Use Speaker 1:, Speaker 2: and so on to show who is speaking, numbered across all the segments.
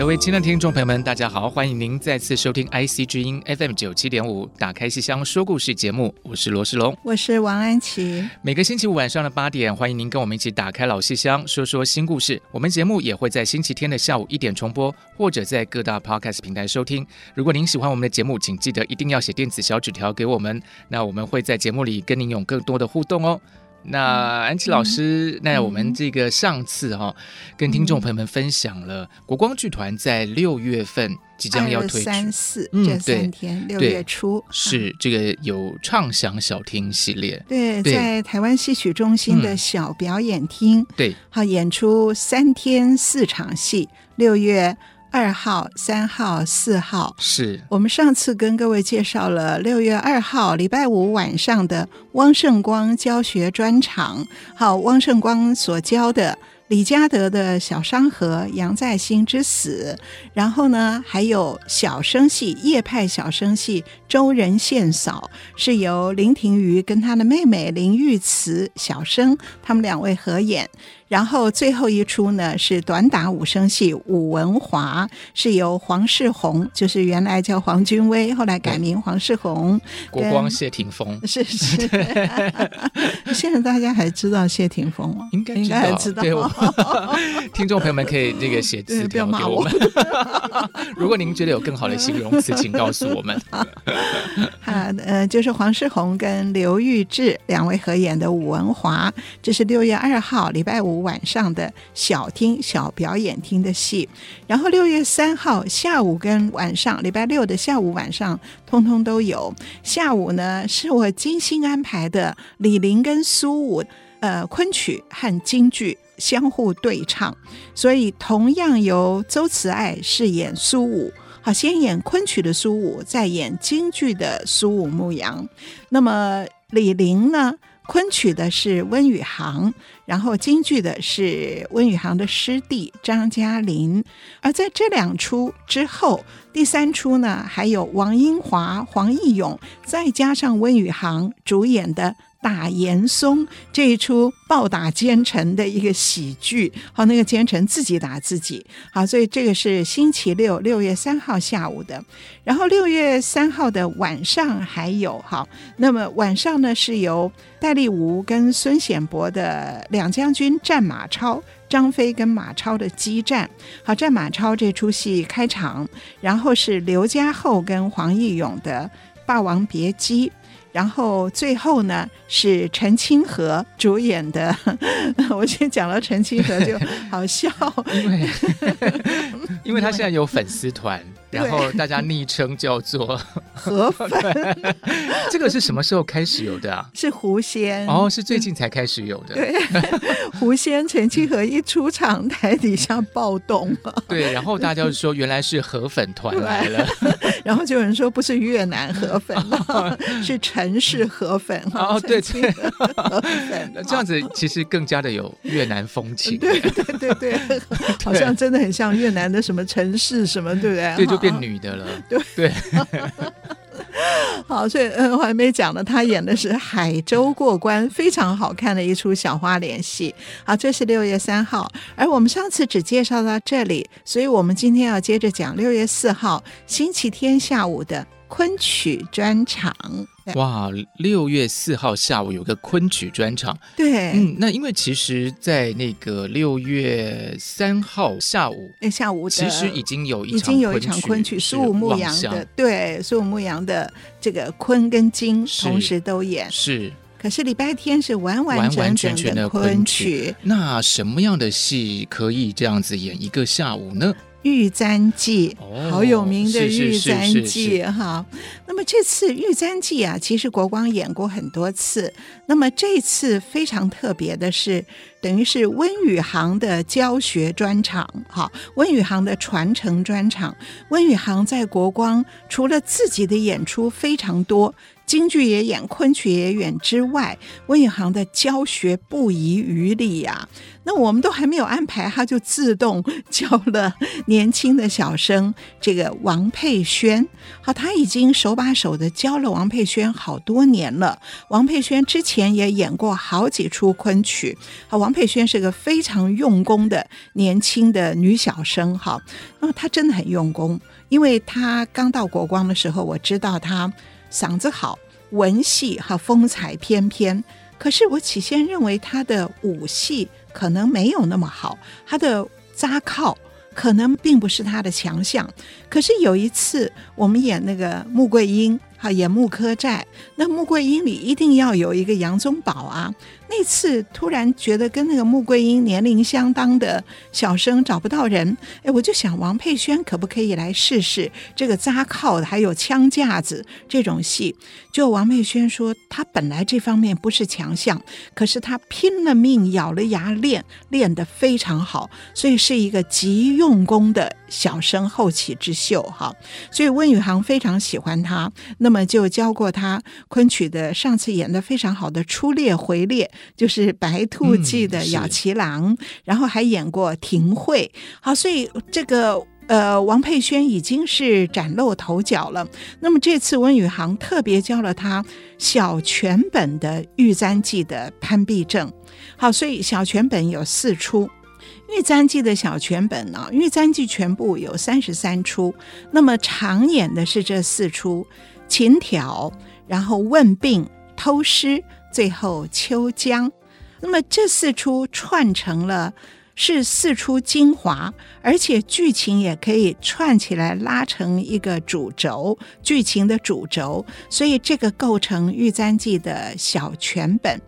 Speaker 1: 各位親愛的聽眾朋友們，大家好！歡迎您再次收聽 IC 之音 FM 九七點五，打開戲箱說故事節目，我是羅仕龍，
Speaker 2: 我是王安祈。
Speaker 1: 每個星期五晚上的八點，歡迎您跟我們一起打開老戲箱，說說新故事。我們節目也會在星期天的下午一點重播，或者在各大 Podcast 平台收聽。如果您喜歡我們的節目，請記得一定要寫電子小紙條給我們，那我們會在節目裡跟您有更多的互動哦。那安祈老師，那我們這個上次哈，跟聽眾朋友們分享了國光劇團在六月份即將要推出三
Speaker 2: 四這三天，六月初
Speaker 1: 是這個有唱響小廳系列，對，在
Speaker 2: 台灣戲曲中心的小表演廳，對，好，演出三天四場戲，六月二號、三號、四號，是我們上次跟各位介紹了六月二號禮拜五晚上的汪聖光教學專場。好，汪聖光所教的李家德的《小商河》，楊再興之死，然後呢，還有小生戲葉派小生戲《周仁獻嫂》，是由林庭瑜跟他的妹妹林玉慈小生，他們兩位合演。然後最後一出呢，是短打武生戲《武文華》，是由黃世宏，就是原來叫黃君威，後來改名黃世宏，對跟國光謝霆鋒是是。對現在大家還知道謝霆鋒嗎？應該應該還知道。
Speaker 1: 聽眾朋友們可以那個寫字條給我們。不要罵我。 如果您覺得有更好的形容詞， 請告訴我們。
Speaker 2: 啊，呃，就是黃世宏跟劉玉志兩位合演的《武文華》，這是六月二號禮拜五。晚上的小廳小表演廳的戲，然後六月三號下午跟晚上，禮拜六的下午晚上，通通都有。下午呢是我精心安排的，李陵跟蘇武，呃，崑曲和京劇相互對唱，所以同樣由周慈愛飾演蘇武。好，先演崑曲的蘇武，再演京劇的蘇武牧羊。那麼李陵呢，崑曲的是溫宇航。然後京劇的是溫宇航的師弟張嘉林，而在這兩齣之後，第三齣呢還有王英華、黃義勇，再加上溫宇航主演的打嚴嵩這一齣暴打奸臣的一個喜劇，好，那個奸臣自己打自己，好，所以這個是星期六六月三號下午的，然後六月三號的晚上還有，好，那麼晚上呢是由戴立吾跟孫顯博的兩。蔣將軍戰馬超，張飛跟馬超的激戰。好，戰馬超這出戲開場，然後是劉家後跟黃義勇的《霸王別姬》，然後最後呢是陳清河主演的。我先講了陳清河就好笑，對 因，
Speaker 1: 因為他現在有粉絲團。然後大家昵稱叫做河粉， 這個是什麼時候開始有的啊？
Speaker 2: 是狐仙哦，
Speaker 1: 是最近才開始有的。
Speaker 2: 對，狐仙陳清和一出場，臺底下暴動
Speaker 1: 了。對，然後大家就說原來是河粉團來了，
Speaker 2: 然後就有人說不是越南河粉 是城市河粉。哦，哦對，對河粉
Speaker 1: 這樣子其實更加的有越南風情。對對
Speaker 2: 對對，好像真的很像越南的什麼城市什麼，對不對？對。就變女
Speaker 1: 的了，對對，
Speaker 2: 好，所以嗯，我還沒講呢，他演的是《海州過關》，非常好看的一出小花臉戲。好，這是六月三號，而我們上次只介紹到這裡，所以我們今天要接着講六月四號星期天下午的。昆曲專場哇！
Speaker 1: 六月四號下午有個昆曲專場，對，嗯，那因為其實，在那個六月三號下午，
Speaker 2: 哎，下午其實已
Speaker 1: 經有一已經有一場昆曲，場昆曲蘇武牧羊的，
Speaker 2: 對，蘇武牧羊的這個昆跟京同時都演是，可是禮拜天是完完，整整完完全全的昆曲，
Speaker 1: 那什麼樣的戲可以這樣子演一個下午呢？《玉簪記》好有名的《玉簪記》
Speaker 2: 哈、哦，那麼這次《玉簪記》啊，其實國光演過很多次，那麼這次非常特別的是，等於是溫宇航的教學專場哈、哦，溫宇航的傳承專場。溫宇航在國光除了自己的演出非常多。京劇也演，崑曲也演之外，溫宇航的教學不遺餘力呀、啊。那我們都還沒有安排，他就自動教了年輕的小生，這個王佩宣。好，他已經手把手的教了王佩宣好多年了。王佩宣之前也演過好幾出崑曲。好，王佩宣是個非常用功的年輕的女小生。好，那麼她真的很用功，因為她剛到國光的時候，我知道她。嗓子好，文戲哈風采翩翩。可是我起先認為他的武戲可能沒有那麼好，他的扎靠可能並不是他的強項。可是有一次我們演那個穆桂英哈演穆柯寨，那穆桂英裡一定要有一個楊宗保啊。那次突然覺得跟那個穆桂英年齡相當的小生找不到人，哎，我就想王佩宣可不可以來試試這個扎靠還有槍架子這種戲？就王佩宣說他本來這方面不是強項，可是他拼了命咬了牙練，練得非常好，所以是一個極用功的小生後起之秀哈。所以溫宇航非常喜歡他，那麼就教過他崑曲的上次演的非常好的出獵回獵。就是《白兔記》的咬臍郎，嗯、然後還演過《廷會》。好，所以這個呃，王佩宣已經是嶄露頭角了。那麼這次溫宇航特別教了他小全本的《玉簪記》的潘必正。好，所以小全本有四出，玉啊《玉簪記》的小全本呢，《玉簪記》全部有三十三出，那麼常演的是這四出：琴挑，然後問病，偷詩。最後秋江，那麼這四出串成了是四出精華，而且劇情也可以串起來拉成一個主軸，劇情的主軸，所以這個構成《玉簪記》的小全本。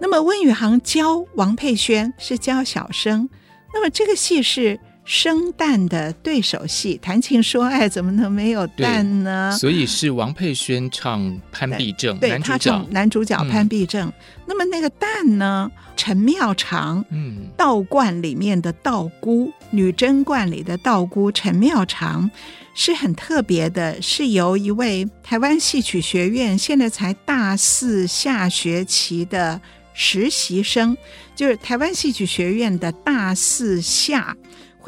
Speaker 2: 那麼溫宇航教王佩宣是教小生，那麼這個戲是生旦的對手戲，談情說愛怎麼能沒有旦呢？所
Speaker 1: 以是王佩宣唱潘必正，對對，男主角他男
Speaker 2: 主角潘必正。嗯、那麼那個旦呢？陳妙常，嗯，道觀裡面的道姑，嗯、女貞觀裡的道姑陳妙常是很特別的，是由一位台灣戲曲學院現在才大四下學期的實習生，就是台灣戲曲學院的大四下。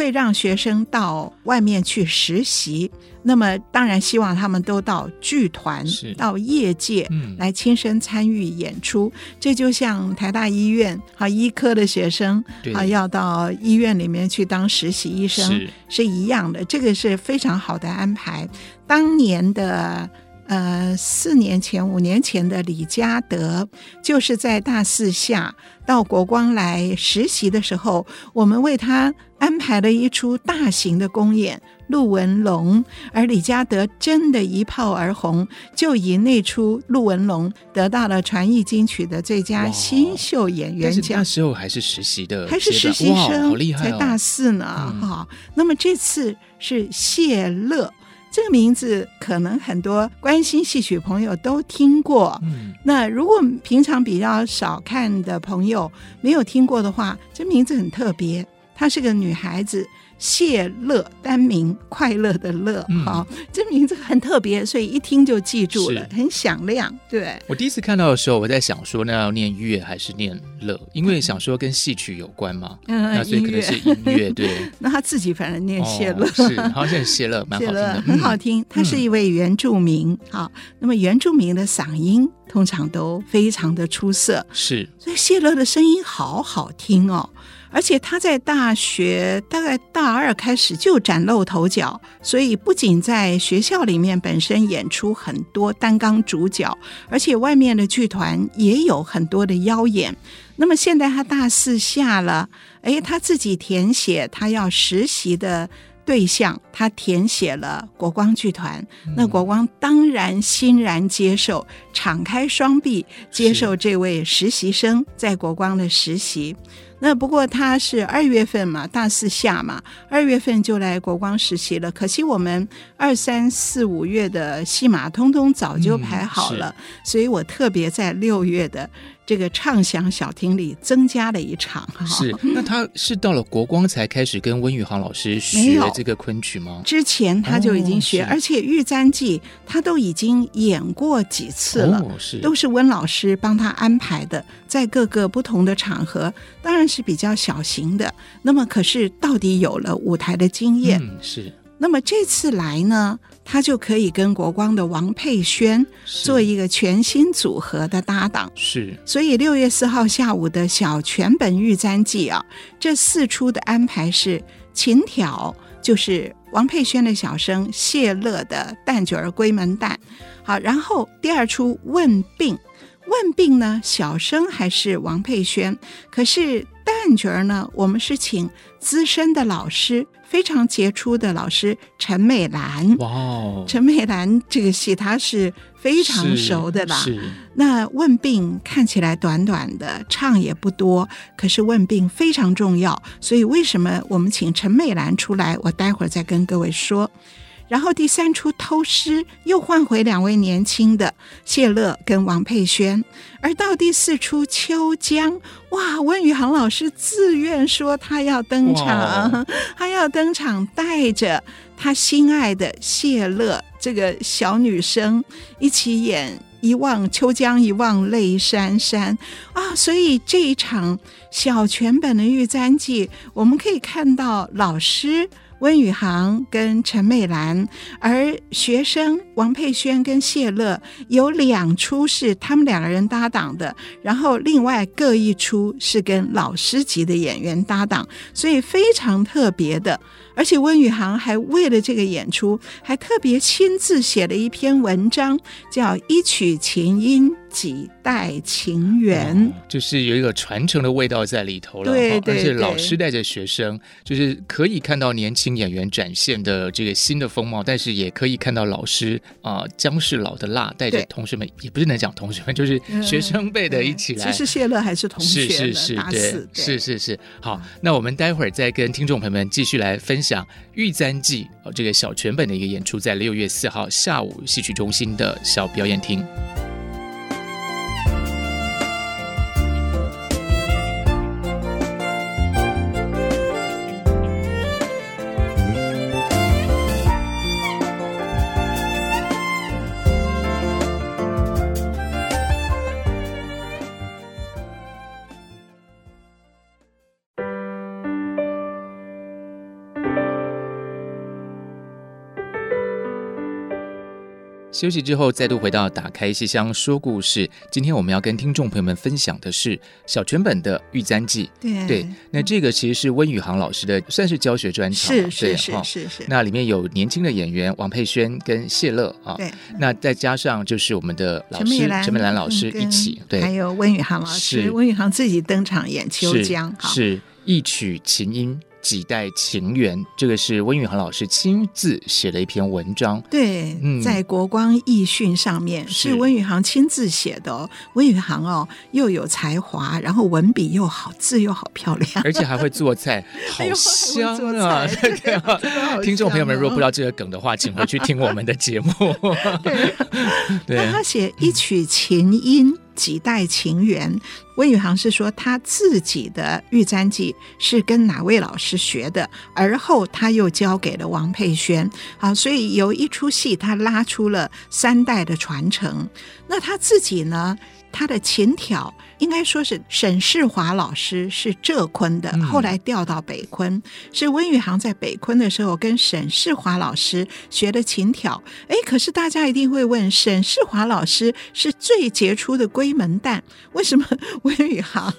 Speaker 2: 會讓學生到外面去實習，那麼當然希望他們都到劇團、是到業界來親身參與演出。嗯、這就像台大醫院啊，醫科的學生對啊，要到醫院裡面去當實習醫生是，是一樣的，這個是非常好的安排。當年的。呃，四年前、五年前的李嘉德，就是在大四下到國光來實習的時候，我們為他安排了一出大型的公演《陸文龍》，而李嘉德真的一炮而紅，就以那出《陸文龍》得到了傳藝金曲的最佳新秀演員獎。
Speaker 1: 那時候還是實習的，的，還是實習生，好厲害，才大
Speaker 2: 四呢，哈、哦嗯哦。那麼這次是謝樂。這個名字可能很多關心戲曲朋友都聽過，那如果平常比較少看的朋友沒有聽過的話，這名字很特別，她是個女孩子。謝樂，單名快樂的樂，好，這名字很特別，所以一聽就記住了，很響亮。對，
Speaker 1: 我第一次看到的時候，我在想說，那要念樂還是念樂？因為想說跟戲曲有關嘛，那所以可能是音樂。對，
Speaker 2: 那他自己反正念謝樂，是，好
Speaker 1: 像謝樂，蠻好聽的，很好
Speaker 2: 聽。他是一位原住民，好，那麼原住民的嗓音通常都非常的出色，是，所以謝樂的聲音好好聽哦。而且他在大學大概大二開始就嶄露頭角，所以不僅在學校裡面本身演出很多，擔綱主角，而且外面的劇團也有很多的邀演。那麼現在他大四下了，誒、哎，他自己填寫他要實習的對象，他填寫了國光劇團。那國光當然欣然接受，敞開雙臂接受這位實習生在國光的實習。那不過他是二月份嘛，大四下嘛，二月份就來國光實習了。可惜我們二三四五月的戲碼通通早就排好了，嗯、所以我特別在六月的。這個唱響小廳裡增加了一場哈，是。
Speaker 1: 那他是到了國光才開始跟溫宇航老師學這個崑曲嗎？之
Speaker 2: 前他就已經學，哦、而且《玉簪記》他都已經演過幾次了，哦、是。都是溫老師幫他安排的，在各個不同的場合，當然是比較小型的。那麼可是到底有了舞台的經驗，嗯、是。那麼這次來呢？他就可以跟國光的王佩宣做一個全新組合的搭檔。是，是所以六月四號下午的小全本玉簪記啊，這四出的安排是條：琴挑就是王佩宣的小生，謝樂的旦角歸門旦。好，然後第二出問病，問病呢，小生還是王佩宣，可是。旦角兒呢，我們是請資深的老師，非常傑出的老師陳美蘭。
Speaker 1: 哇，哦陳
Speaker 2: 美蘭這個戲她是非常熟的啦，對吧？是。那問病看起來短短的，唱也不多，可是問病非常重要。所以為什麼我們請陳美蘭出來？我待會兒再跟各位說。然後第三出偷詩又換回兩位年輕的謝樂跟王佩宣，而到第四出秋江，哇，溫宇航老師自願說他要登場，哇他要登場，帶着他心愛的謝樂這個小女生一起演，一望秋江一望淚潸潸啊！所以這一場小全本的玉簪記，我們可以看到老師，溫宇航跟陳美蘭，而學生王佩宣跟謝樂有兩出是他們兩個人搭檔的，然後另外各一出是跟老師級的演員搭檔，所以非常特別的。而且溫宇航還為了這個演出，還特別親自寫了一篇文章，叫《一曲琴音幾代情緣》
Speaker 1: 哦,就是有一個傳承的味道在裡頭了對。對對。但是老師帶着學生，就是可以看到年輕演員展現的這個新的風貌，但是也可以看到老師啊、呃，薑是老的辣，帶着同學們，對也不是能講同學們，就是學生輩的一起來。就是謝
Speaker 2: 樂還是同學？是是是，大四。是
Speaker 1: 是是，好，那我們待會兒再跟聽眾朋友們繼續來分享。講《玉簪記》哦，這個小全本的一個演出，在六月四號下午戲曲中心的小表演廳。休息之後，再度回到打開戲箱說故事。今天我們要跟聽眾朋友們分享的是小全本的《玉簪記》對。對對，那這個其實是溫宇航老師的，算是教學專場。是，對是是是是、哦、那裡面有年輕的演員王佩宣跟謝樂啊，對、哦。那再加上就是我們的老師陳美蘭老師一起，對。還
Speaker 2: 有溫宇航老師，溫是宇航自己登場演秋江，是
Speaker 1: 一好曲琴音。幾代情緣，這個是溫宇航老師親自寫的一篇文章。
Speaker 2: 對，嗯、在國光藝訊上面是溫宇航親自寫的、哦。是溫宇航哦，又有才華，然後文筆又好，字又好
Speaker 1: 漂亮，而且還會做菜，好香啊！聽眾朋友們，如果不知道這個梗的話，請回去聽我們的節目。對，他
Speaker 2: 寫一曲琴音。嗯幾代情緣，溫宇航是說他自己的玉簪記是跟哪位老師學的，而後他又交給了王佩宣，啊，所以由一出戲他拉出了三代的傳承。那他自己呢？他的琴挑應該說是沈世華老師是浙崑的，嗯、後來調到北崑，是溫宇航在北崑的時候跟沈世華老師學的琴挑。哎，可是大家一定會問，沈世華老師是最傑出的閨門旦，為什麼溫宇航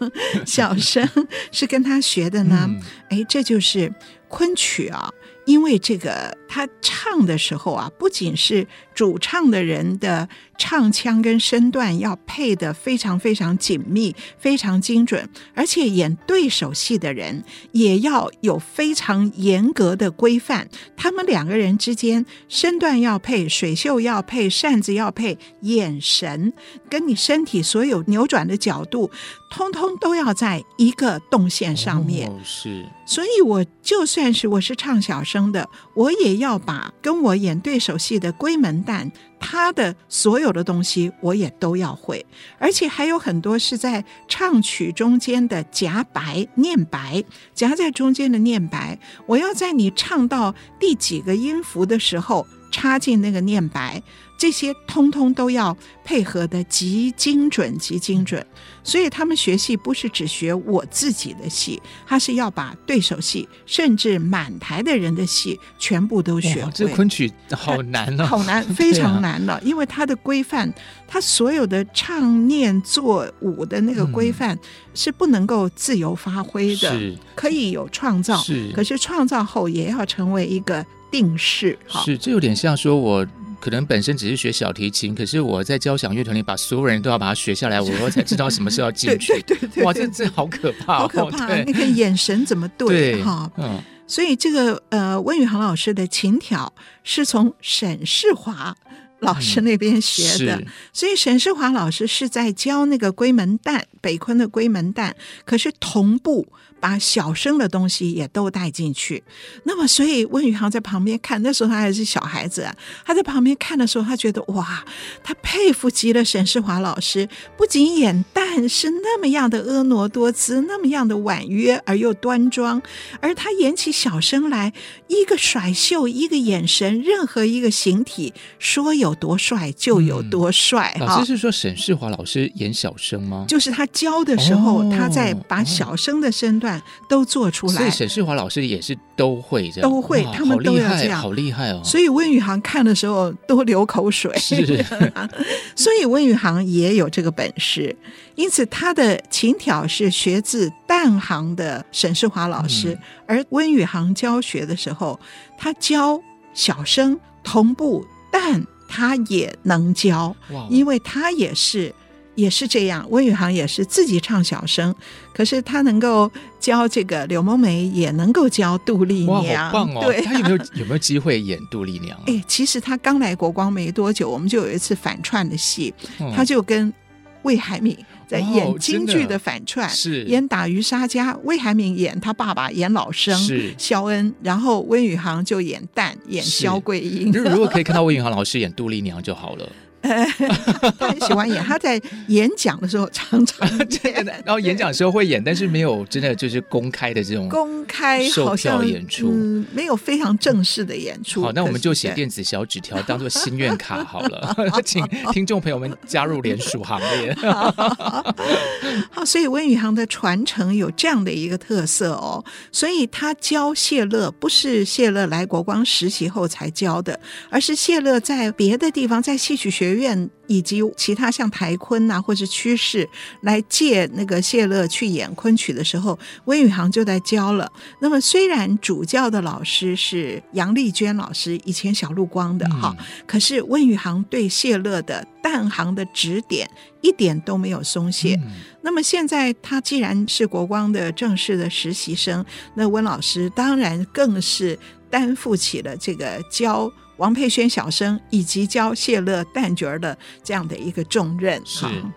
Speaker 2: 小生是跟他學的呢？哎、嗯，這就是崑曲啊，因為這個他唱的時候啊，不僅是。主唱的人的唱腔跟身段要配得非常非常緊密，非常精準，而且演對手戲的人也要有非常嚴格的規範。他們兩個人之間身段要配，水袖要配，扇子要配，眼神跟你身體所有扭轉的角度，通通都要在一個動線上面。
Speaker 1: 哦、是，
Speaker 2: 所以我就算是我是唱小生的，我也要把跟我演對手戲的閨門。但他的所有的東西，我也都要會，而且還有很多是在唱曲中間的夾白念白，夾在中間的念白，我要在你唱到第幾個音符的時候，插進那個念白。這些通通都要配合得極精準，極精準。所以他們學戲不是只學我自己的戲，他是要把對手戲，甚至滿台的人的戲全部都學、哎。這個、崑曲
Speaker 1: 好難、哦、啊！好難，非常難
Speaker 2: 了、哦。啊、因為它的規範，它所有的唱念做舞的那個規範、嗯、是不能夠自由發揮的，是可以有創造，是。可是創造後也要成為一個定式。是，好這
Speaker 1: 有點像說我。可能本身只是學小提琴，可是我在交響樂團裡把所有人都要把它學下來，我我才知道什麼時候要進去。 對對對，對，對。哇，這這好可怕，哦！好可怕，對那個眼
Speaker 2: 神怎麼對？對哈，嗯、哦。所以這個呃，溫宇航老師的琴挑是從沈世華老師那邊學的，嗯、是，所以沈世華老師是在教那個閨門旦。北崑的閨門旦，可是同步把小生的東西也都帶進去。那麼，所以溫宇航在旁邊看，那時候他還是小孩子、啊，他在旁邊看的時候，他覺得哇，他佩服極了。沈世華老師不僅演旦是那麼樣的婀娜多姿，那麼樣的婉約而又端莊，而他演起小生來，一個甩袖，一個眼神，任何一個形體，說有多帥就有多帥。嗯啊、老師是
Speaker 1: 說沈世華老師演小生嗎？就
Speaker 2: 是他。教的時候，哦、他在把小生的身段都做出來。所以沈
Speaker 1: 世華老師也是都會，這樣，都會，哦、他們都要這樣，哦、好厲害，好厲害哦！所
Speaker 2: 以溫宇航看的時候都流口水，是是，所以溫宇航也有這個本事，因此他的琴挑是學自旦行的沈世華老師，嗯、而溫宇航教學的時候，他教小生同步，但他也能教，哇因為他也是。也是這樣，溫宇航也是自己唱小生，可是他能夠教這個柳夢梅，也能夠教杜麗娘。哦、對、啊，他有沒有
Speaker 1: 有沒有機會演杜麗娘、啊？
Speaker 2: 哎、欸，其實他剛來國光沒多久，我們就有一次反串的戲，嗯、他就跟魏海敏在演京劇的反串，是、哦、演打魚殺家。魏海敏演他爸爸，演老生是肖恩，然後溫宇航就演旦，演肖桂英。如果可以看
Speaker 1: 到溫宇航老師演杜麗娘就好了。
Speaker 2: 他很喜歡演，他在演講的時候常常這
Speaker 1: 樣、 啊、的。然後演講的時候會演，對但是沒有真的就是公開的這種公
Speaker 2: 開售票演出，沒有非常正式的演出。嗯、是好，那我們就寫電
Speaker 1: 子小紙條對當做心願卡好了， 好好好 請聽眾朋友們加入聯署行列 。
Speaker 2: 好，所以溫宇航的傳承有這樣的一個特色哦，所以他教謝樂不是謝樂來國光實習後才教的，而是謝樂在別的地方在戲曲學。學院以及其他像台崑啊，或是趨勢來借那個謝樂去演崑曲的時候，溫宇航就在教了。那麼雖然主教的老師是楊麗娟老師，以前小陸光的哈、嗯哦，可是溫宇航對謝樂的旦行的指點一點都沒有鬆懈。嗯、那麼現在他既然是國光的正式的實習生，那溫老師當然更是擔負起了這個教。王佩宣小生，以及教謝樂旦角的這樣的一個重任，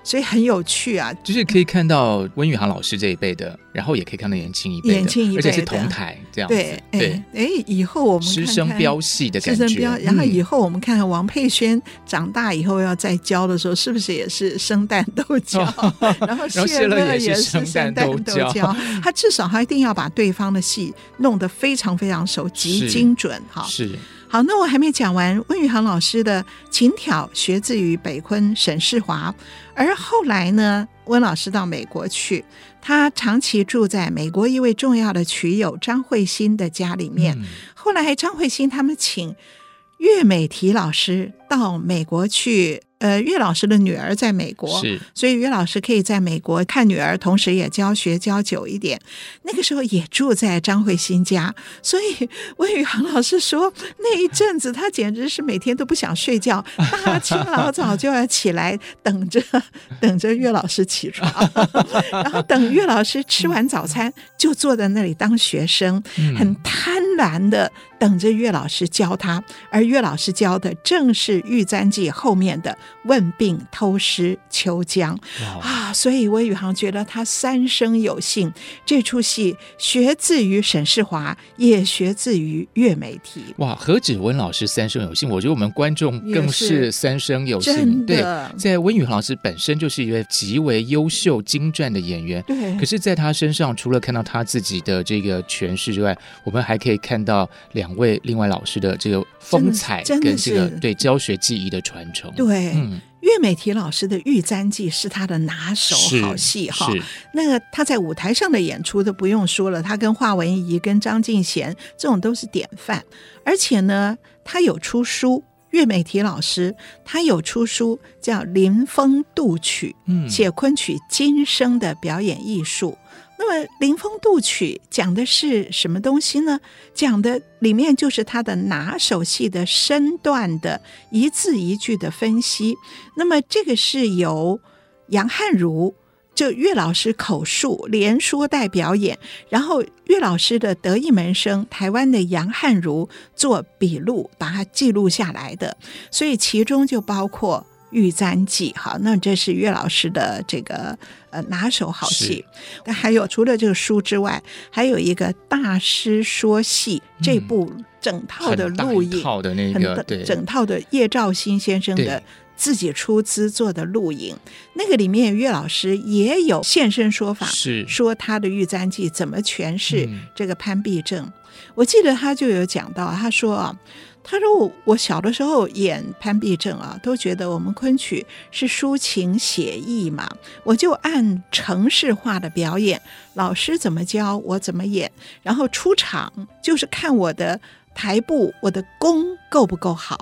Speaker 2: 所
Speaker 1: 以很有趣啊，就是可以看到溫宇航老師這一輩的，然後也可以看到年輕一輩的，一而且是同台這樣子。對，哎，以後我們師生飆戲的感覺，然後以
Speaker 2: 後我們看看王佩宣長大以後要再教的時候，是不是也是生旦都教？然後謝樂也是生旦都教，他至少他一定要把對方的戲弄得非常非常熟，極精準哈。是。好，那我還沒講完。溫宇航老師的琴挑學自於北崑沈世華，而後來呢，溫老師到美國去，他長期住在美國一位重要的曲友張慧欣的家裡面。嗯、後來張慧欣他們請岳美緹老師。到美國去，呃，岳老師的女兒在美國，是所以岳老師可以在美國看女兒，同時也教學教久一點。那個時候也住在張慧欣家，所以溫宇航老師說，那一陣子他簡直是每天都不想睡覺，大清老早就要起來等着 等着岳老師起床，然後等岳老師吃完早餐就坐在那裡當學生，很貪婪的等着岳老師教他，而岳老師教的正是。《玉簪記》後面的“問病偷詩秋江”哇啊，所以溫宇航覺得他三生有幸，這齣戲學自於沈世華，也學自於岳美緹。
Speaker 1: 哇，何止溫老師三生有幸？我覺得我們觀眾更是三生有幸。是對，的在溫宇航老師本身就是一位極為優秀、精湛的演員。對，可是，在他身上除了看到他自己的這個詮釋之外，我們還可以看到兩位另外老師的這個風采跟這個對教學技藝的傳承，對，
Speaker 2: 岳美緹老師的玉簪記是他的拿手好戲哈。那他在舞台上的演出都不用說了，他跟華文漪跟張靜嫻這種都是典範。而且呢，他有出書，岳美緹老師他有出書叫《臨風度曲》，嗯，寫崑曲今生的表演藝術。那麼《臨風度曲》講的是什麼東西呢？講的裡面就是他的拿手戲的身段的一字一句的分析。那麼這個是由楊汗如就岳老師口述，連說帶表演，然後岳老師的得意門生台灣的楊汗如做筆錄，把它記錄下來的。所以其中就包括。《玉簪記》哈，那這是岳老師的這個呃拿手好戲。是還有除了這個書之外，還有一個大師說戲、嗯、這部整套的錄影，很的很對整套的葉兆新先生的自己出資做的錄影，對那個裡面岳老師也有現身說法，是說他的《玉簪記》怎麼詮釋這個潘必正。嗯、我記得他就有講到，他說啊。他說：“我我小的時候演潘必正啊，都覺得我們崑曲是抒情寫意嘛，我就按程式化的表演，老師怎麼教我怎麼演，然後出場就是看我的台步，我的功夠不夠好。”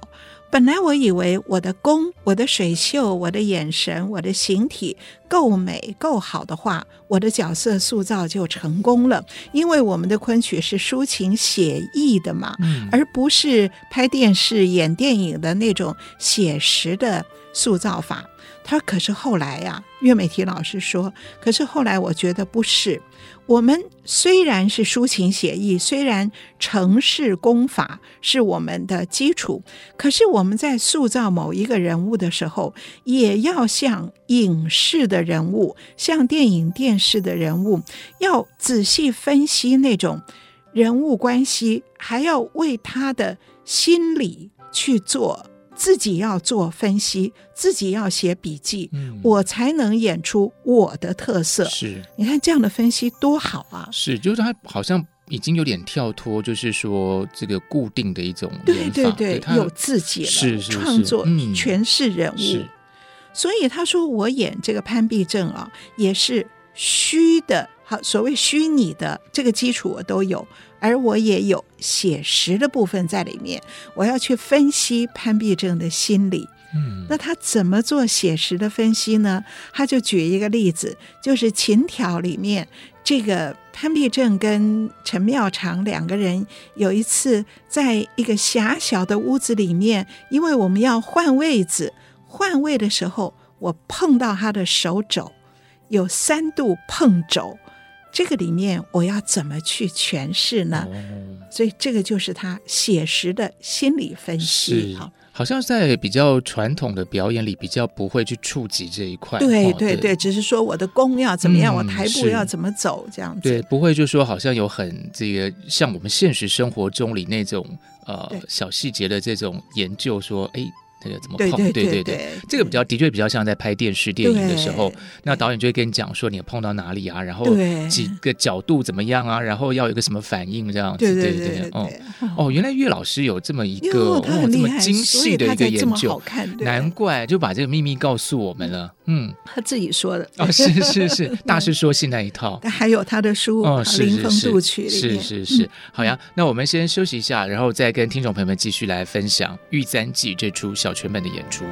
Speaker 2: 本來我以為我的功、我的水袖、我的眼神、我的形體夠美夠好的話，我的角色塑造就成功了。因為我們的崑曲是抒情寫意的嘛，嗯、而不是拍電視演電影的那種寫實的塑造法。他說可是後來呀、啊，岳美緹老師說，可是後來我覺得不是。我們雖然是抒情寫意，雖然程式功法是我們的基礎，可是我們在塑造某一個人物的時候，也要像影視的人物，像電影電視的人物，要仔細分析那種人物關係，還要為他的心理去做。自己要做分析，自己要寫筆記，嗯、我才能演出我的特色。是，你看這樣的分析多好啊！
Speaker 1: 是，就是他好像已經有點跳脫，就是說這個固定的一種。對對對，對有自己了，是,是,是，創作
Speaker 2: 詮釋人物。嗯、所以他說我演這個潘必正啊，也是虛的，好，所謂虛擬的這個基礎我都有。而我也有寫實的部分在裡面，我要去分析潘必正的心理。嗯，那他怎麼做寫實的分析呢？他就舉一個例子，就是《琴挑》裡面這個潘必正跟陳妙常兩個人有一次在一個狹小的屋子裡面，因為我們要換位子，換位的時候我碰到他的手肘，有三度碰肘。這個裡面我要怎麼去詮釋呢？哦、所以這個就是他寫實的心理分析。是哦、
Speaker 1: 好像在比較傳統的表演裡比較不會去觸及這一塊。對對對，
Speaker 2: 只是說我的功要怎麼樣，嗯、我台步要怎麼走是這樣子。
Speaker 1: 對，不會就是說好像有很這個像我們現實生活中裡那種呃對小細節的這種研究說，誒那個怎麼碰？對對對，這個比較的確比較像在拍電視電影的時候，那導演就會跟你講說你碰到哪裡啊，然後幾個角度怎麼樣啊，然後要有個什麼反應這樣子，對對對，哦哦，原來岳老師有這麼一個這麼精細的一個研究，難怪就把這個秘密告訴我們了。嗯，他自己說的哦，是是是，大師說戲那一套，
Speaker 2: 還有他的書《臨風度曲》裡面，哦，是是是是是，
Speaker 1: 好呀，那我們先休息一下，然後再跟聽眾朋友們繼續來分享《玉簪記》這出小。全本的演出。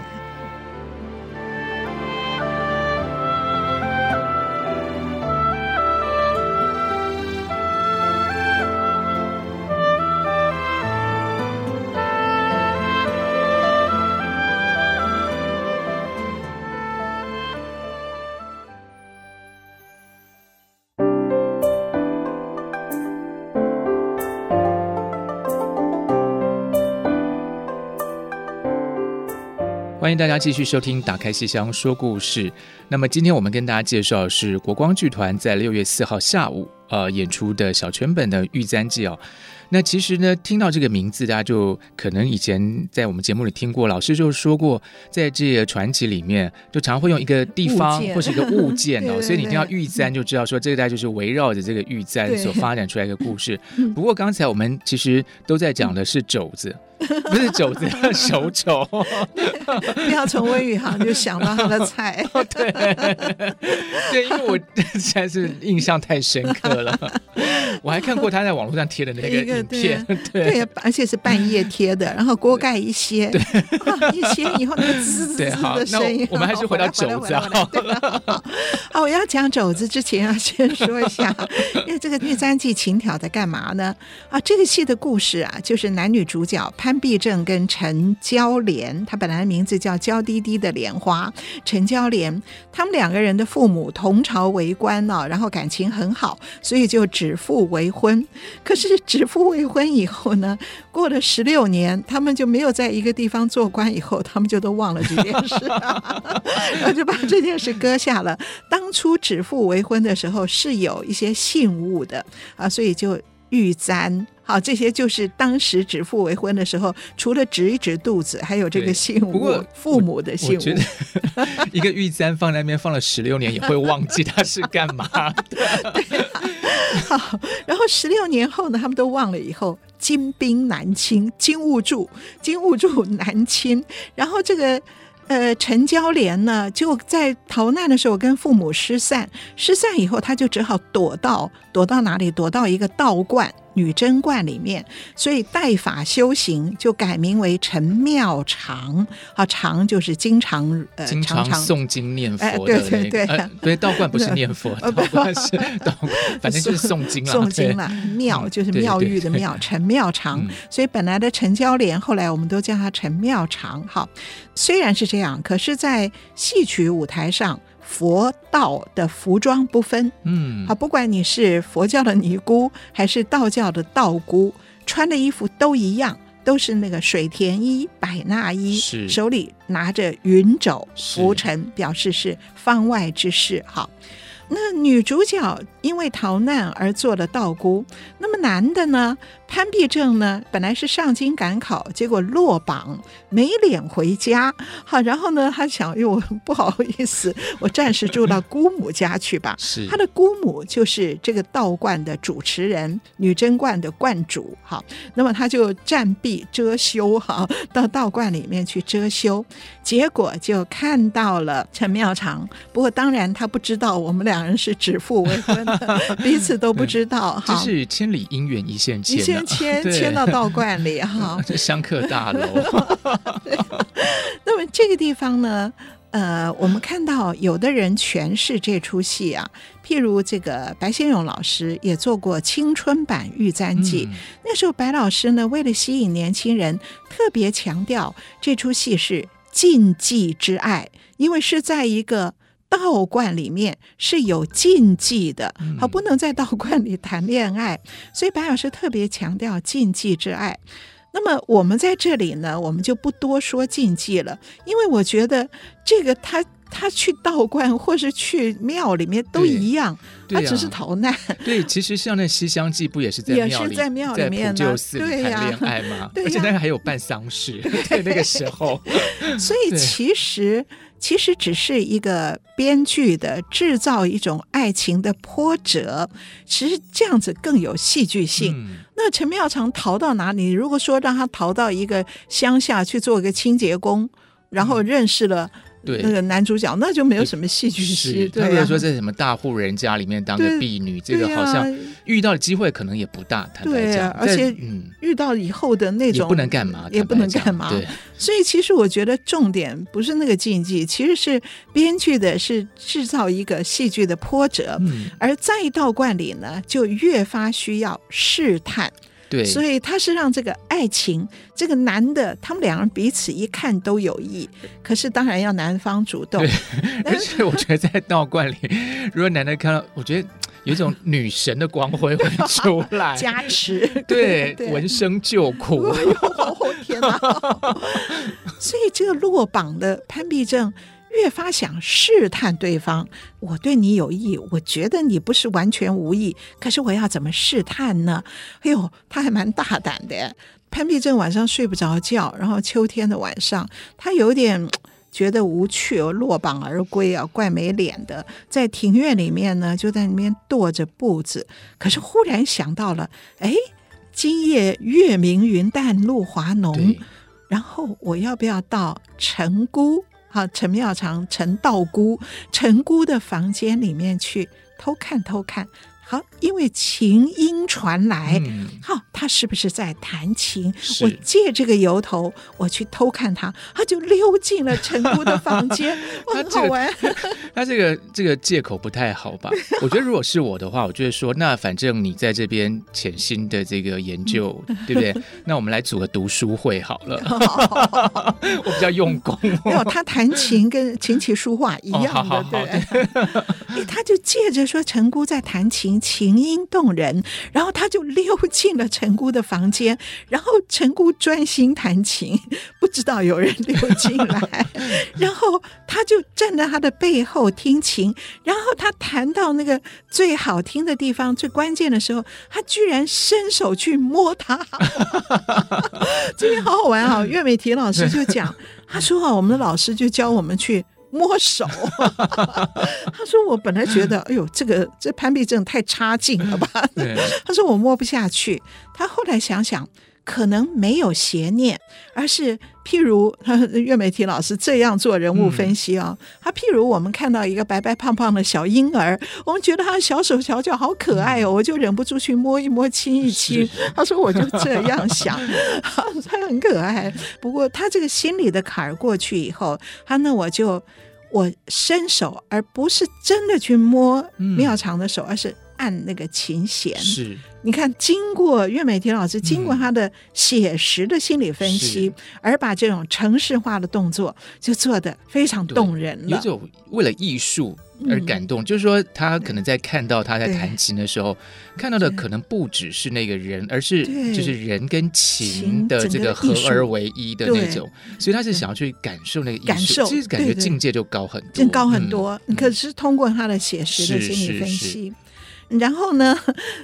Speaker 1: 歡迎大家繼續收聽《打開戲箱說故事》。那麼今天我們跟大家介紹的是國光劇團在六月四號下午呃演出的小全本的《玉簪記》哦。那其實呢，聽到這個名字，大家就可能以前在我們節目裡聽過，老師就說過，在這個傳奇裡面，就常會用一個地方件或是一個物件哦，對對對，所以你聽到玉簪就知道說，說這個大家就是圍繞着這個玉簪所發展出來的一個故事。對不過剛才我們其實都在講的是肘子，嗯、不是肘子 手肘。
Speaker 2: 不要從溫宇航就想到他的菜，
Speaker 1: 對，對，因為我實在是印象太深刻了， 我還看過他在網絡上貼的那個。貼，對，對，
Speaker 2: 而且是半夜貼的，然後鍋蓋一掀，啊，一掀以後那個滋滋
Speaker 1: 滋的聲音。對我們還是回到肘子
Speaker 2: 啊！啊，我要講肘子之前啊，先說一下，因為這個《玉簪記·情挑》在幹嘛呢？啊，這個戲的故事啊，就是男女主角潘必正跟陳嬌蓮，他本來的名字叫嬌滴滴的蓮花陳嬌蓮，他們兩個人的父母同朝為官呢，然後感情很好，所以就指腹為婚。可是指腹。未婚以後呢，過了十六年，他們就沒有在一個地方做官。以後他們就都忘了這件事，啊，然後 就把這件事擱下了。當初指腹為婚的時候是有一些信物的啊，所以就玉簪。好，啊，這些就是當時指腹為婚的時候，除了指一指肚子，還有這個信物。父母的信物，我覺得
Speaker 1: 一個玉簪放在那邊 放了十六年也會忘記它是幹嘛的。
Speaker 2: 好，然後十六年後呢，他們都忘了。以後金兵南侵，金兀術，金兀術南侵。然後這個呃陳嬌蓮呢，就在逃難的時候跟父母失散，失散以後他就只好躲到躲到哪裡？躲到一個道觀。女貞觀裡面，所以帶髮修行就改名為陳妙常。啊，常就是經常呃經常誦
Speaker 1: 經念佛、那個呃、對對對、啊，所以、呃、道觀不是念佛 道觀是道， 反正就是誦經了。誦經了，
Speaker 2: 妙對就是妙玉的妙，陳、嗯、妙常。嗯、所以本來的陳嬌蓮，後來我們都叫他陳妙常。哈，雖然是這樣，可是，在戲曲舞台上，佛道的服裝不分，嗯，好，不管你是佛教的尼姑還是道教的道姑，穿的衣服都一樣，都是那個水田衣、百衲衣，是手裡拿着雲帚、拂塵，是表示是方外之士。好，那女主角因為逃難而做了道姑，那麼男的呢？潘必正呢，本來是上京趕考，結果落榜，沒臉回家。好，然後呢，他想，喲，不好意思，我暫時住到姑母家去吧。是，他的姑母就是這個道觀的主持人，女貞觀的觀主。好，那麼他就暫避遮羞，哈，到道觀裡面去遮羞。結果就看到了陳妙常。不過當然，他不知道我們兩人是指腹為婚， 彼此都不知道。其實、嗯、
Speaker 1: 好千里姻緣一線牽、啊。遷遷到道觀
Speaker 2: 裡對哈，這
Speaker 1: 香客大樓、 啊。
Speaker 2: 那麼這個地方呢，呃，我們看到有的人詮釋這出戲啊，譬如這個白先勇老師也做過青春版《玉簪記》，嗯，那時候白老師呢，為了吸引年輕人，特別強調這出戲是禁忌之愛，因為是在一個。道觀裡面是有禁忌的，好，不能在道觀裡談戀愛，嗯、所以白老師特別強調禁忌之愛。那麼我們在這裡呢，我們就不多說禁忌了，因為我覺得這個他他去道觀或是去廟裡
Speaker 1: 面都一樣，啊、他只是逃難。對，其實像那《西廂記》不也是在廟裡，在普救寺裡對呀，談戀愛嗎？那對啊對啊、而且那個還有辦喪事，在對 那個時候，
Speaker 2: 所以其實。 其實只是一個編劇的制造一種愛情的波折，其實這樣子更有戲劇性。那陳妙常逃到哪裡？如果說讓他逃到一個鄉下去做一個清潔工，然後認識了。對，那個男主角，那就沒有什麼戲劇性。他要說在什
Speaker 1: 麼大戶人家裡面當個婢女，對這個好像遇到的機會可能也不大。對，而且
Speaker 2: 遇到以後的那種不能幹嘛也不能幹嘛。幹嘛對，所以其實我覺得重點不是那個禁忌，其實是編劇的是製造一個戲劇的波折，嗯，而在道觀裡呢就越發需要試探。對，所以他是讓這個愛情，這個男的，他們兩人彼此一看都有意，可是當然要男方主動。對是
Speaker 1: 而且我覺得在道觀裡， 如果男的看到，我覺得有一種女神的光輝會出來 加
Speaker 2: 持。對，聞
Speaker 1: 聲救苦。天哪！
Speaker 2: 所以這個落榜的潘必正。越發想試探對方，我對你有意，我覺得你不是完全無意，可是我要怎麼試探呢？哎呦，他還蠻大膽的。潘必正晚上睡不着覺，然後秋天的晚上，他有點覺得無趣，哦，落榜而歸啊，怪沒臉的。在庭院裡面呢，就在裡面踱着步子，可是忽然想到了，哎，今夜月明雲淡露華濃，對然後我要不要到陳姑？好，陳妙常，陳道姑、陳姑的房間裡面去偷看、偷看，好。因為琴音傳來，好、嗯哦，他是不是在彈琴？是我借這個由頭，我去偷看他，他就溜進了陳姑的房間。 很好玩、這
Speaker 1: 個，他 這個這個借口不太好吧？ 我覺得如果是我的話，我就會說：那反正你在這邊潛心的這個研究， 對不對？那我們來組個讀書會好了。 我比較用功、哦。沒有，他
Speaker 2: 彈琴跟琴棋書畫一樣的。哦、好好好好
Speaker 1: 對
Speaker 2: 欸，他就借着說陳姑在彈琴，琴。琴音動人，然後他就溜進了陳姑的房間，然後陳姑專心彈琴，不知道有人溜進來，然後他就站在他的背後聽琴，然後他彈到那個最好聽的地方，最關鍵的時候，他居然伸手去摸他，這 邊好好玩啊！岳美緹老師就講，他說啊，我們的老師就教我們去。摸手， 他說我本來覺得，哎呦，這個這潘必正太差勁了吧？ 他說我摸不下去，他後來想想，可能沒有邪念，而是譬如岳美緹老師這樣做人物分析啊、哦，嗯、他譬如我們看到一個白白胖胖的小嬰兒，我們覺得他的小手小腳好可愛哦，嗯、我就忍不住去摸一摸、親一親。是他說我就這樣想， 他很可愛。不過他這個心裡的坎兒過去以後，他那我就我伸手，而不是真的去摸妙常的手，嗯、而是按那個琴弦。是。你看，經過岳美緹老師，經過她的寫實的心理分析，嗯、而把這種程式化的動作就做得非常動人了。有種
Speaker 1: 為了藝術而感動，嗯、就是說他可能在看到他在彈琴的時候，看到的可能不只是那個人，對而是就是人跟琴的這個合而為一的那種。所以他是想要去感受那個藝術感受，其實感覺境界就高很多，對對，高很多。
Speaker 2: 嗯、可是通過他的寫實的心理分析。是是是是然後呢，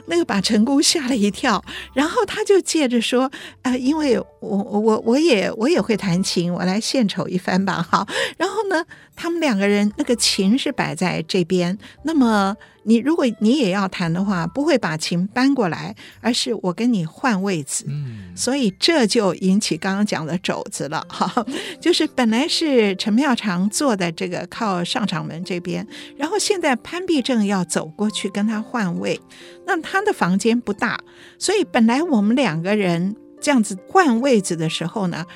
Speaker 2: 那個把陳姑嚇了一跳，然後他就接着說，啊、呃，因為。我我我也我也會彈琴，我來獻醜一番吧，好。然後呢，他們兩個人那個琴是擺在這邊，那麼你如果你也要彈的話，不會把琴搬過來，而是我跟你換位子。嗯，所以這就引起剛剛講的肘子了，哈，就是本來是陳妙常坐在這個靠上場門這邊，然後現在潘必正要走過去跟他換位，那他的房間不大，所以本來我們兩個人。這樣子換位置的時候呢，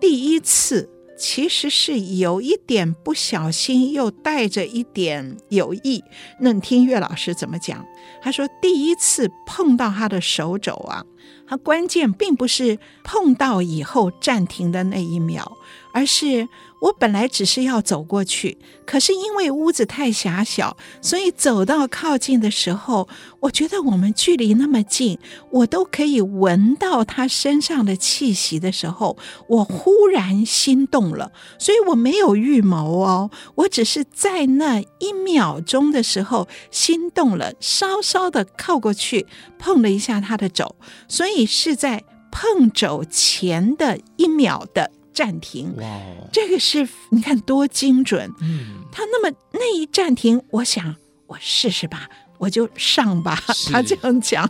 Speaker 2: 第一次其實是有一點不小心，又帶着一點有意。那你聽岳老師怎麼講？他說：“第一次碰到他的手肘啊，他關鍵並不是碰到以後暫停的那一秒，而是我本來只是要走過去，可是因為屋子太狹小，所以走到靠近的時候，我覺得我們距離那麼近，我都可以聞到他身上的氣息的時候，我忽然心動了。所以我沒有預謀哦，我只是在那一秒鐘的時候心動了，稍。”稍稍的靠過去碰了一下他的肘，所以是在碰肘前的一秒的暫停。哇，Wow. 這個是你看多精準。嗯，他那麼那一暫停，我想我試試吧，我就上吧。是他這樣講，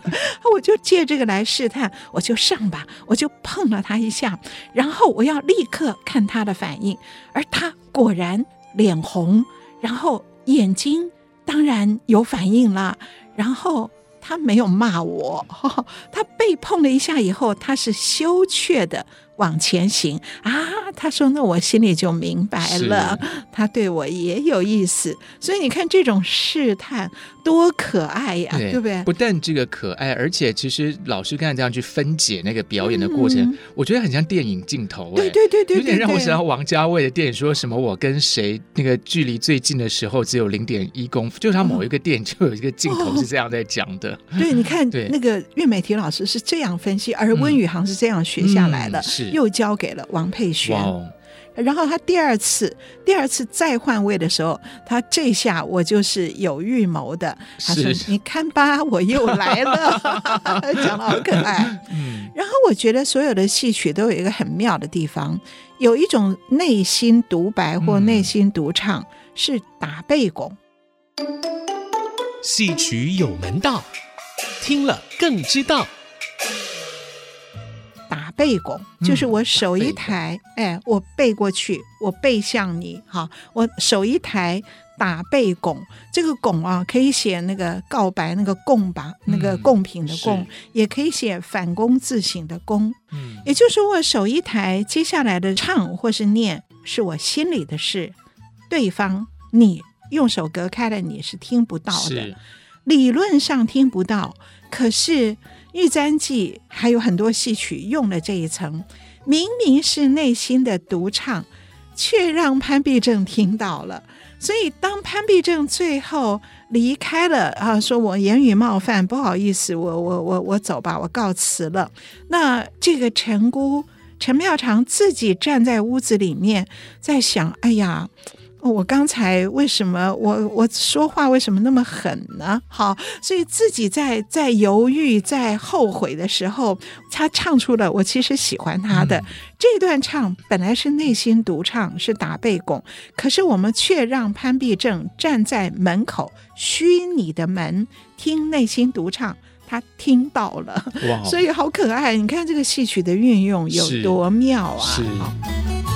Speaker 2: 我就借這個來試探，我就上吧，我就碰了他一下，然後我要立刻看他的反應，而他果然臉紅，然後眼睛當然有反應了。然後他沒有罵我，哦，他被碰了一下以後，他是羞怯的往前行啊。他說：“那我心裡就明白了，是他對我也有意思。”所以你看，這種試探。多可愛呀，對，對不對？不
Speaker 1: 但這個可愛，而且其實老師剛才這樣去分解那個表演的過程，mm hmm. 我覺得很像電影鏡頭、欸對。對對對對，有點讓我想到王家衛的電影，說什麼我跟誰對那個距離最近的時候只有零點一公分，就像他某一個電影就有一個鏡頭是這樣在講的。Oh. Oh. 對，你看對那
Speaker 2: 個岳美緹老師是這樣分析，而溫宇航是這樣學下來的，嗯、又交給了王佩宣。然後他第二次，第二次再換位的時候，他這下我就是有預謀的。他說：“是是是，你看吧，我又來了。” 講的好可愛。嗯。然後我覺得所有的戲曲都有一個很妙的地方，有一種內心獨白或內心獨唱，嗯、是打背供。
Speaker 1: 戲曲有門道，聽了更知道。
Speaker 2: 打背供，就是我手一抬，嗯、哎，我背過去，我背向你，哈，我手一抬打背供，這個供啊，可以寫那個告白那個供吧，那個供、嗯、品的供，是也可以寫反躬自省的躬，嗯，也就是我手一抬，接下來的唱或是念是我心裡的事，對方你用手隔開了，你是聽不到的，是理論上聽不到，可是。《玉簪記》還有很多戲曲用了這一層，明明是內心的獨唱，卻讓潘必正聽到了。所以，當潘必正最後離開了，啊，說我言語冒犯，不好意思，我我我我走吧，我告辭了。那這個陳姑陳妙常自己站在屋子裡面，在想，哎呀。我剛才為什麼我我說話為什麼那麼狠呢？好，所以自己在在猶豫、在後悔的時候，他唱出了我其實喜歡他的、嗯、這段唱。本來是內心獨唱，是打背供，可是我們卻讓潘必正站在門口，虛擬的門聽內心獨唱，他聽到了，哇哦、所以好可愛。你看這個戲曲的運用有多妙啊！是。是。好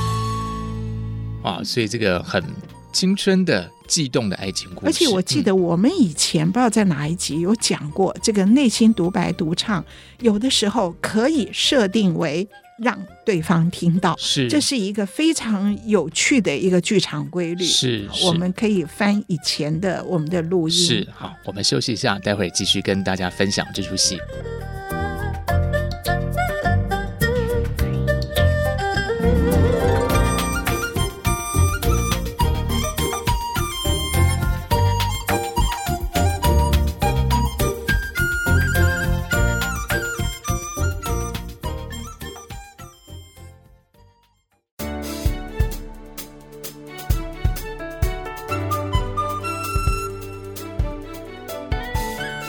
Speaker 1: 啊，所以這個很青春的悸動的愛情故事，而且我記得
Speaker 2: 我們以前、嗯、不知道在哪一集有講過，這個內心獨白獨唱，有的時候可以設定為讓對方聽到，是，這是一個非常有趣的一個劇場規律，是，是，我們可以翻以前的
Speaker 1: 我們的錄音，是，好，我們休息一下，待會繼續跟大家分享這出戲。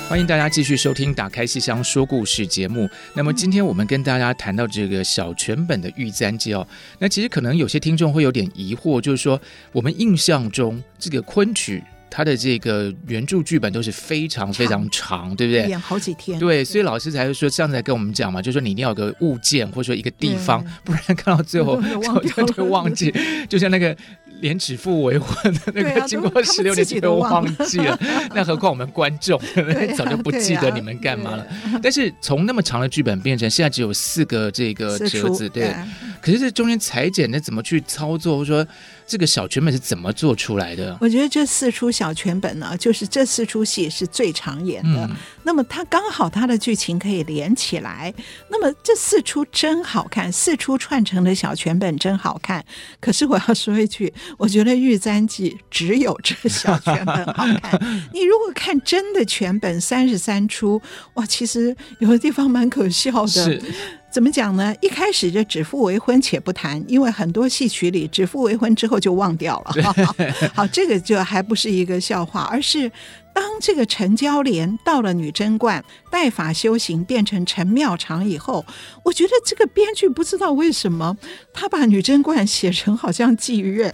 Speaker 1: 歡迎大家繼續收聽《打開戲箱說故事》節目。嗯、那麼今天我們跟大家談到這個小全本的《玉簪記》哦，那其實可能有些聽眾會有點疑惑，就是說我們印象中這個昆曲它的這個原著劇本都是非常非常長，長對不對？演好幾天。對，對，所以老師才會說，上次才跟我們講嘛，就是、說你一定要有個物件或者說一個地方，對對對對，不然看到最後就忘，忘記，就像、是、那個。連指腹為婚的那個、啊、經過十六年就被我忘記了，了 那何況我們觀眾、 啊、早就不記得你們幹嘛了。啊啊、但是從那麼長的劇本變成現在只有四個這個折子，出對，對嗯、可是這中間裁剪，那怎麼去操作？或者說。這個小全本是怎麼做出來的？
Speaker 2: 我覺得這四出小全本呢，就是這四出戲是最常演的。嗯、那麼它剛好它的劇情可以連起來。那麼這四出真好看，四出串成的小全本真好看。可是我要說一句，我覺得《玉簪記》只有這小全本好看。 你如果看真的全本三十三出，哇，其實有的地方蠻可笑的。是。怎麼講呢？一開始就指腹為婚且不談，因為很多戲曲裡指腹為婚之後就忘掉了。 好，這個就還不是一個笑話，而是當這個陳嬌蓮到了女貞觀帶髮修行，變成陳妙常以後，我覺得這個編劇不知道為什麼他把女貞觀寫成好像妓院，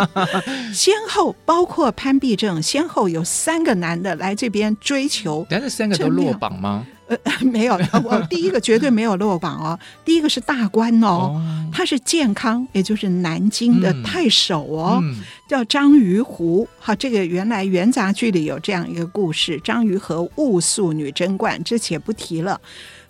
Speaker 2: 先後包括潘必正，先後有三個男的來這邊追求，但這三個都落榜嗎？呃，沒有，我第一個絕對沒有落榜哦。 第一個是大官哦，他是建康，也就是南京的太守哦。嗯嗯，叫張於湖。好，這個原來元雜劇裡有這樣一個故事：張於湖誤宿女貞觀，這且不提了。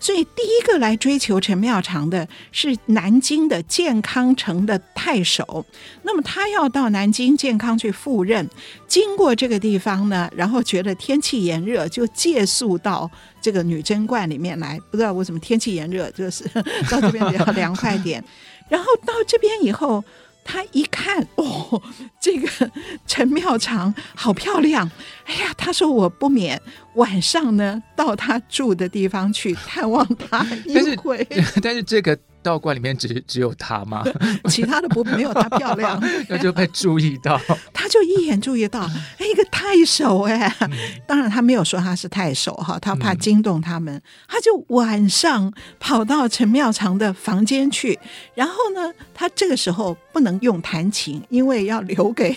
Speaker 2: 所以第一個來追求陳妙常的是南京的建康城的太守，那麼他要到南京建康去赴任，經過這個地方呢，然後覺得天氣炎熱，就借宿到這個女貞觀裡面來。不知道為什麼天氣炎熱，就是到這邊比較涼快點。 然後到這邊以後。他一看，哦，這個陳妙常好漂亮，哎呀，他說，我不免晚上呢到他住的地方去探望他一回，
Speaker 1: 但是這個。道觀裡面只只有他嗎？ 其他
Speaker 2: 的不沒有他漂亮，他就
Speaker 1: 被注意到。
Speaker 2: 他就一眼注意到，哎、 欸，一個太守哎、欸。嗯、當然，他沒有說他是太守哈，他怕驚動他們。嗯、他就晚上跑到陳妙常的房間去，然後呢，他這個時候不能用彈琴，因為要留給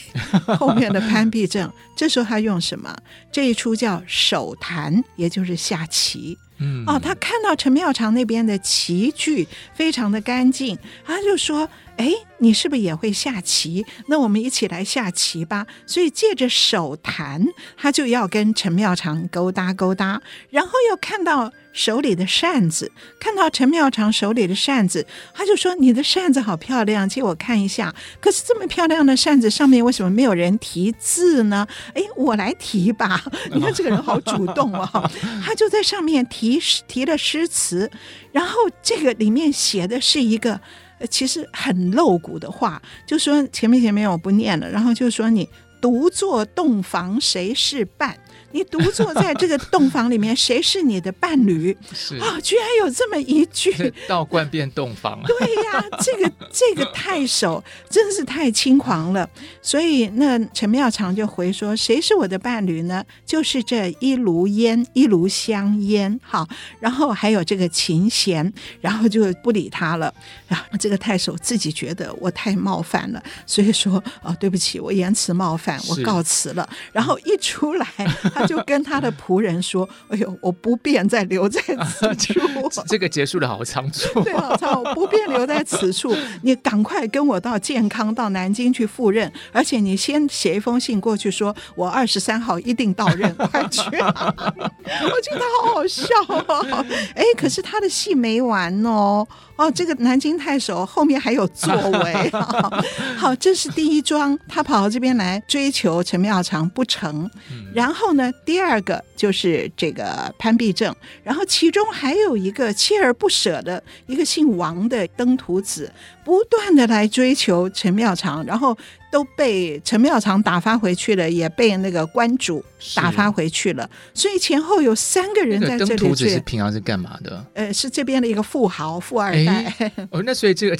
Speaker 2: 後面的潘必正。 這時候他用什麼？這一出叫手談，也就是下棋。嗯、哦，他看到陳妙常那邊的棋具非常的乾淨，他就說。哎，你是不是也會下棋？那我們一起來下棋吧。所以借着手談，他就要跟陳妙常勾搭勾搭。然後又看到手裡的扇子，看到陳妙常手裡的扇子，他就說：“你的扇子好漂亮，借我看一下。”可是這麼漂亮的扇子上面為什麼沒有人題字呢？哎，我來題吧。你看這個人好主動啊、哦！ 他就在上面題，題了詩詞。然後這個裡面寫的是一個。其實很露骨的話，就說前面前面我不念了，然後就說你獨坐洞房誰是伴。你獨坐在這個洞房裡面，誰 是你的伴侶？是啊、哦，居然有這麼一句“
Speaker 1: 道觀變洞房”？ 對
Speaker 2: 呀、啊，這個這個太守真是太輕狂了。所以那陳妙常就回說：“誰是我的伴侶呢？就是這一爐煙，一爐香煙。哈，然後還有這個琴弦，然後就不理他了。然後這個太守自己覺得我太冒犯了，所以說哦，對不起，我言辭冒犯，我告辭了。是然後一出來。 就跟他的僕人說：“哎呦，我不便再留在此
Speaker 1: 處。啊這這”這個結束的好倉促，對、
Speaker 2: 啊，好倉促，我不便留在此處。 你趕快跟我到建康，到南京去赴任。而且你先寫一封信過去說，說我二十三號一定到任，快去！ 我覺得他好好笑哦。哎，可是他的戲沒完哦。哦，這個南京太守後面還有作為。哦、 好，這是第一樁，他跑到這邊來追求陳妙常不成，然後呢？嗯第二個就是這個潘必正，然後其中還有一個鍥而不捨的一個姓王的登徒子，不斷的來追求陳妙常，然後，都被陳妙常打發回去了，也被那個觀主打發回去了，是所以前後有三個人在這裡。登徒子是
Speaker 1: 平常是幹嘛的？
Speaker 2: 呃，是這邊的一個富豪富二代。欸、
Speaker 1: 哦，那所以這個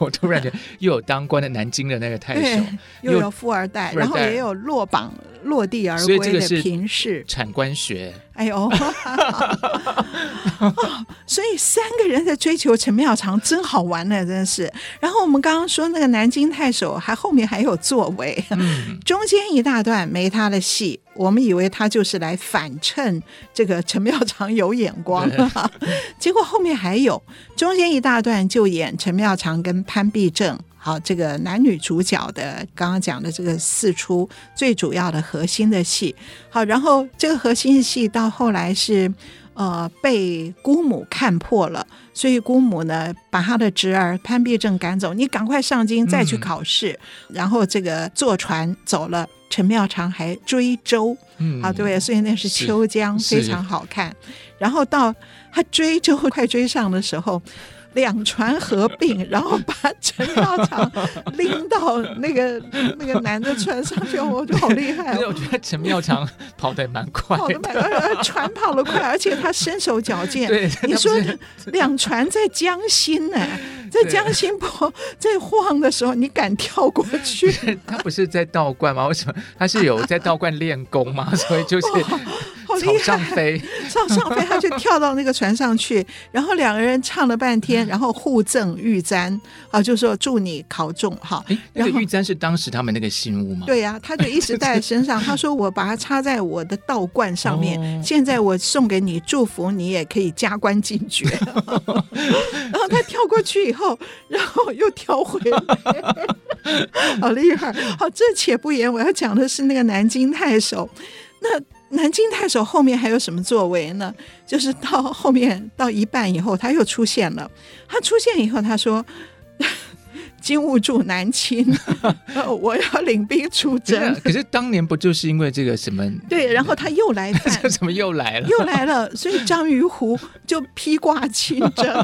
Speaker 1: 我突然間又有當官的南京的那個太守，又有富二代，二代然後也有
Speaker 2: 落榜落地而歸的平
Speaker 1: 氏產官學。
Speaker 2: 哎呦、 啊，所以三個人在追求陳妙常，真好玩呢，真是。然後我們剛剛說那個南京太守，還後面還有作為，嗯、中間一大段沒他的戲，我們以為他就是來反襯這個陳妙常有眼光，對啊、結果後面還有中間一大段就演陳妙常跟潘必正。好，這個男女主角的剛剛講的這個四出最主要的核心的戲，好，然後這個核心的戲到後來是呃被姑母看破了，所以姑母呢，把她的侄兒潘必正趕走，你趕快上京再去考試，嗯、然後這個坐船走了，陳妙常還追舟，好、嗯啊、對、啊，所以那是秋江是是非常好看，然後到他追就快追上的時候。兩船合併，然後把陳妙常拎到那個、 嗯、那個男的船上去，我就好厲害、
Speaker 1: 哦。我覺得陳妙常跑得蠻快的，跑
Speaker 2: 得蠻快、 呃，船跑得快，而且他身手矯健。對，你說
Speaker 1: 兩船在江心呢、啊，在江心波對在晃的時候，你敢跳過去？他不是在道觀嗎？為什麼他是有在道觀練功嗎？所以就是。草上飛，草上飛，
Speaker 2: 草上飛，他就跳到那個船上去， 然後兩個人唱了半天，然後互贈玉簪啊，就說祝你考中
Speaker 1: 哈。那個玉簪是當時他們那個信物嗎？
Speaker 2: 對呀、啊，他就一直帶在身上。 他說我把它插在我的道觀上面， 現在我送給你，祝福你也可以加官進爵。 然後他跳過去以後，然後又跳回來， 好厲害！好，這且不言，我要講的是那個南京太守那。南京太守後面還有什麼作為呢？就是到後面到一半以後，他又出現了。他出現以後，他說：“金兀朮南侵， 我要領兵出征，啊”可
Speaker 1: 是當年不就是因為這個什麼？
Speaker 2: 對，然後他又來，
Speaker 1: 怎麼 又來了？又來
Speaker 2: 了，所以張於湖就披掛親
Speaker 1: 征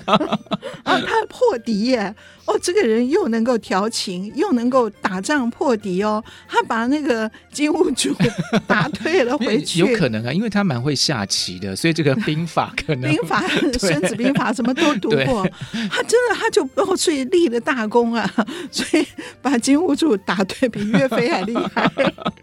Speaker 2: 啊，他破敵耶。哦，這個人又能夠調情，又能夠打仗破敵哦。他把那個金兀朮打退了回去，有可
Speaker 1: 能啊，因為他蠻會下棋的，所以這個兵法可能兵法《對孫子兵法》什麼都讀過。
Speaker 2: 對他真的他就哦，所以立了大功啊，所以把金兀朮打退，比岳飛還厲害。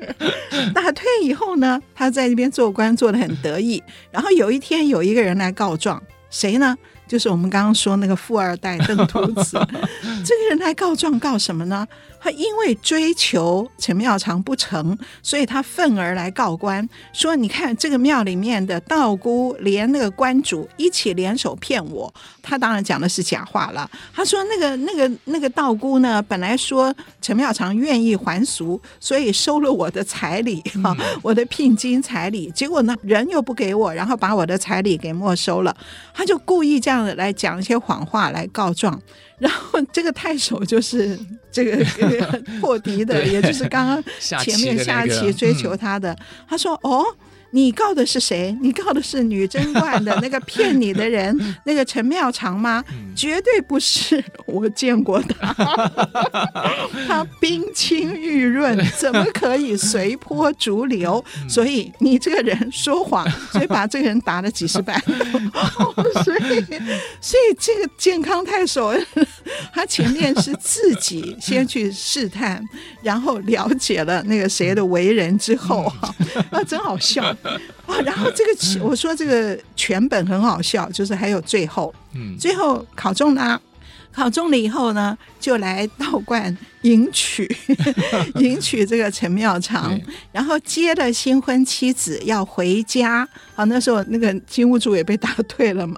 Speaker 2: 打退以後呢，他在那邊做官做得很得意。然後有一天有一個人來告狀，誰呢？就是我們剛剛說那個富二代登徒子。 這個人來告狀告什麼呢？他因為追求陳妙常不成，所以他憤而來告官，說：“你看這個廟裡面的道姑，連那個觀主一起聯手騙我。”他當然講的是假話了。他說：“那個、那個、那個道姑呢，本來說陳妙常願意還俗，所以收了我的彩禮哈，嗯、我的聘金彩禮。結果呢，人又不給我，然後把我的彩禮給沒收了。他就故意這樣子來講一些謊話來告狀。”然後這個太守就是這個破敵的， 對也就是剛剛前面下棋追求他的，下棋的那個，嗯、他說：“哦。”你告的是誰？你告的是女貞觀的那個騙你的人， 那個陳妙常嗎？絕對不是，我見過他， 他冰清玉潤，怎麼可以隨波逐流？所以你這個人說謊，所以把這個人打了幾十板。 所以，所以這個健康太守，他前面是自己先去試探，然後了解了那個誰的為人之後， 啊，真好笑。啊、哦，然後這個我說這個全本很好笑，就是還有最後，最後考中了，考中了以後呢，就來道觀迎娶，迎娶這個陳妙常。 然後接了新婚妻子要回家。好、啊，那時候那個金兀術也被打退了嘛，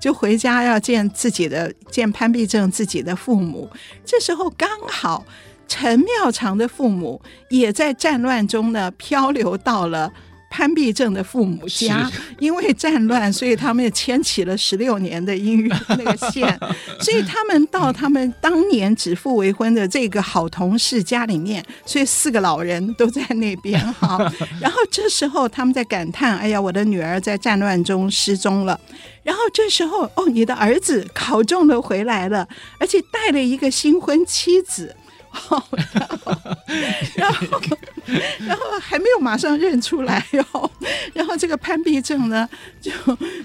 Speaker 2: 就回家要見自己的見潘必正自己的父母。這時候剛好陳妙常的父母也在戰亂中呢漂流到了。潘必正的父母家，是因為戰亂，所以他們也牽起了十六年的姻緣那個線，所以他們到他們當年指腹為婚的這個好同事家裡面，所以四個老人都在那邊哈。然後這時候他們在感嘆：“哎呀，我的女兒在戰亂中失蹤了。”然後這時候哦，你的兒子考中了回來了，而且帶了一個新婚妻子。然後， 然後，然後還沒有馬上認出來喲、哦。然後這個潘必正呢，就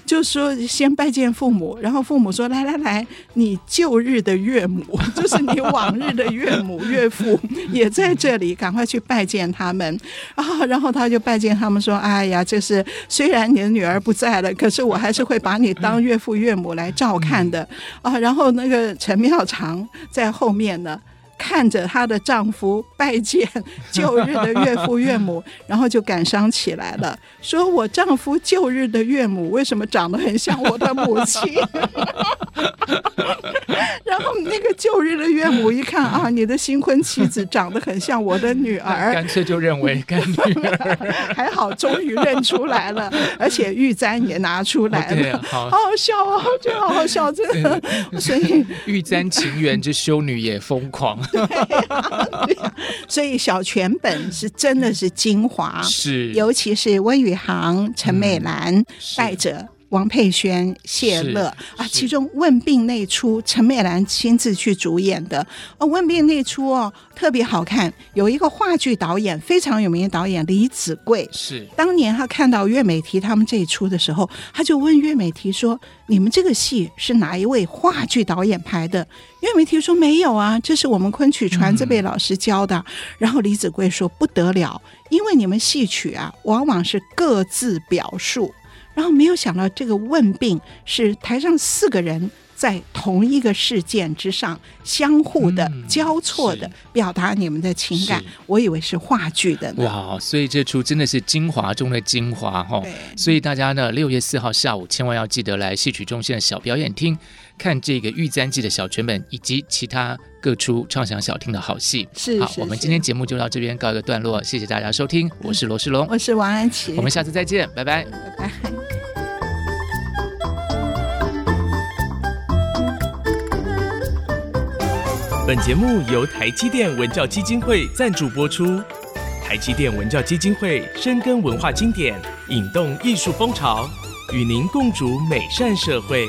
Speaker 2: 就說先拜見父母，然後父母說：“來來來，你舊日的岳母，就是你往日的岳母 岳父，也在這裡，趕快去拜見他們。”啊，然後他就拜見他們，說：“哎呀，這是雖然你的女兒不在了，可是我還是會把你當岳父岳母來照看的。”啊，然後那個陳妙常在後面呢。看着她的丈夫拜見舊日的岳父岳母， 然後就感傷起來了，說：“我丈夫舊日的岳母為什麼長得很像我的母親？” 然後那個舊日的岳母一看 啊，你的新婚妻子長得很像我的女兒， 乾脆就認為乾女兒 還好終於認出來了， 而且玉簪也拿出來了，okay, 好，好好笑啊！就好好笑，真的。
Speaker 1: 所以玉簪情緣，這 修女也瘋狂。
Speaker 2: 對啊，所以小全本是真的是精華，是尤其是溫宇航、陳美蘭、戴哲、嗯。王佩宣、謝樂啊，其中《問病》那出，陳美蘭親自去主演的。哦，《問病》那出哦，特別好看。有一個話劇導演非常有名的導演李子貴，是當年他看到岳美緹他們這一出的時候，他就問岳美緹說：“你們這個戲是哪一位話劇導演拍的？”岳美緹說：“沒有啊，這是我們昆曲傳字輩老師教的。嗯”然後李子貴說：“不得了，因為你們戲曲啊，往往是各自表述。”然後沒有想到，這個問病是台上四個人在同一個事件之上相互的、嗯、交錯的表達你們的情感。是我以為是話劇的呢哇，
Speaker 1: 所以這出真的是精華中的精華哈。哦、對所以大家呢，六月四號下午千萬要記得來戲曲中心的小表演廳。看這個《玉簪記》的小全本以及其他各出唱響小廳的好戲，是,是,是好。我們今天節目就到這邊告一個段落，是是謝謝大家收聽，我是羅仕龍，我是王安祈，我們下次再見，拜拜，拜拜。本節目由台積電文教基金會贊助播出，台積電文教基金會深耕文化經典，引動藝術風潮，與您共築美善社會。